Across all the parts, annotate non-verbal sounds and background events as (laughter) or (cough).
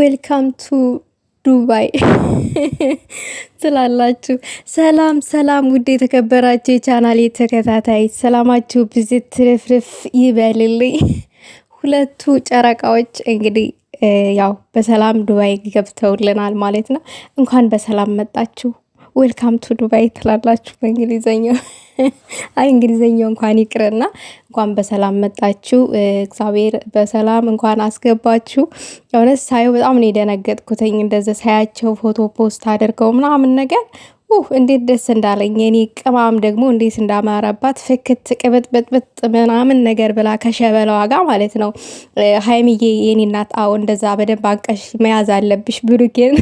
ዌልካም ቱ ዱባይ ትላላችሁ። ሰላም ሰላም፣ ውድ የተከበራችሁ የቻናል ተከታታይ ሰላማችሁ ብዝት ትርፍርፍ ይበልልኝ። ሁለቱ ጨረቃዎች እንግዲህ ያው በሰላም ዱባይ ገብተውልናል ማለት ነው። እንኳን በሰላም መጣችሁ። ዌልካም ቱ ዱባይ ትላላችሁ በእንግሊዘኛው። (laughs) አይ እንግሊዘኛው እንኳን ይቅርና እንኳን በሰላም መጣችሁ። እግዚአብሔር በሰላም እንኳን አስገባችሁ። የሆነ ሳየው በጣም ነው የደነገጥኩትኝ። እንደዚ ሳያቸው ፎቶ ፖስት አድርገው ምናምን ነገር እንዴት ደስ እንዳለኝ የኔ ቅማም ደግሞ እንዴት እንዳማረባት ፍክት ቅብጥብጥብጥ ምናምን ነገር ብላ ከሸበለዋ ጋር ማለት ነው። ሀይሚዬ የኔ እናት፣ አዎ እንደዛ በደንብ አንቀሽ መያዝ አለብሽ። ብሩኬን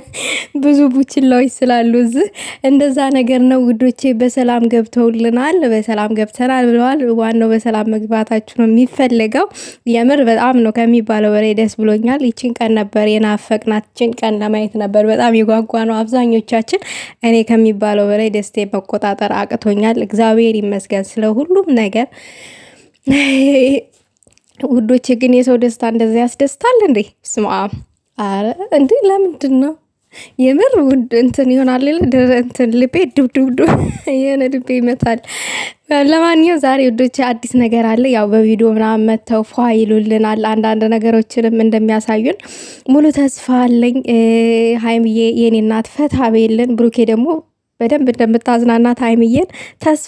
(laughs) ብዙ ቡችላዎች ስላሉ እዚህ እንደዛ ነገር ነው ውዶቼ። በሰላም ገብተውልናል፣ በሰላም ገብተናል ብለዋል። ዋናው በሰላም መግባታችሁ ነው የሚፈለገው። የምር በጣም ነው ከሚባለው በላይ ደስ ብሎኛል። ይችን ቀን ነበር የናፈቅናት፣ ይችን ቀን ለማየት ነበር በጣም የጓጓ ነው አብዛኞቻችን እኔ ከሚባለው በላይ ደስቴ መቆጣጠር አቅቶኛል። እግዚአብሔር ይመስገን ስለ ሁሉም ነገር። ውዶቼ ግን የሰው ደስታ እንደዚያ ያስደስታል እንዴ? ስማ እንዴ፣ ለምንድን ነው የምር ውድ እንትን ይሆናል እንትን ልቤ ድብድብዱ የሆነ ልቤ ይመታል። ለማንኛው ዛሬ ውዶች አዲስ ነገር አለ። ያው በቪዲዮ ምናምን መተው ፏ ይሉልናል። አንዳንድ ነገሮችንም እንደሚያሳዩን ሙሉ ተስፋ አለኝ። ሀይምዬ የኔ እናት ፈታ ቤልን፣ ብሩኬ ደግሞ በደንብ እንደምታዝናናት ሀይምዬን ተስፋ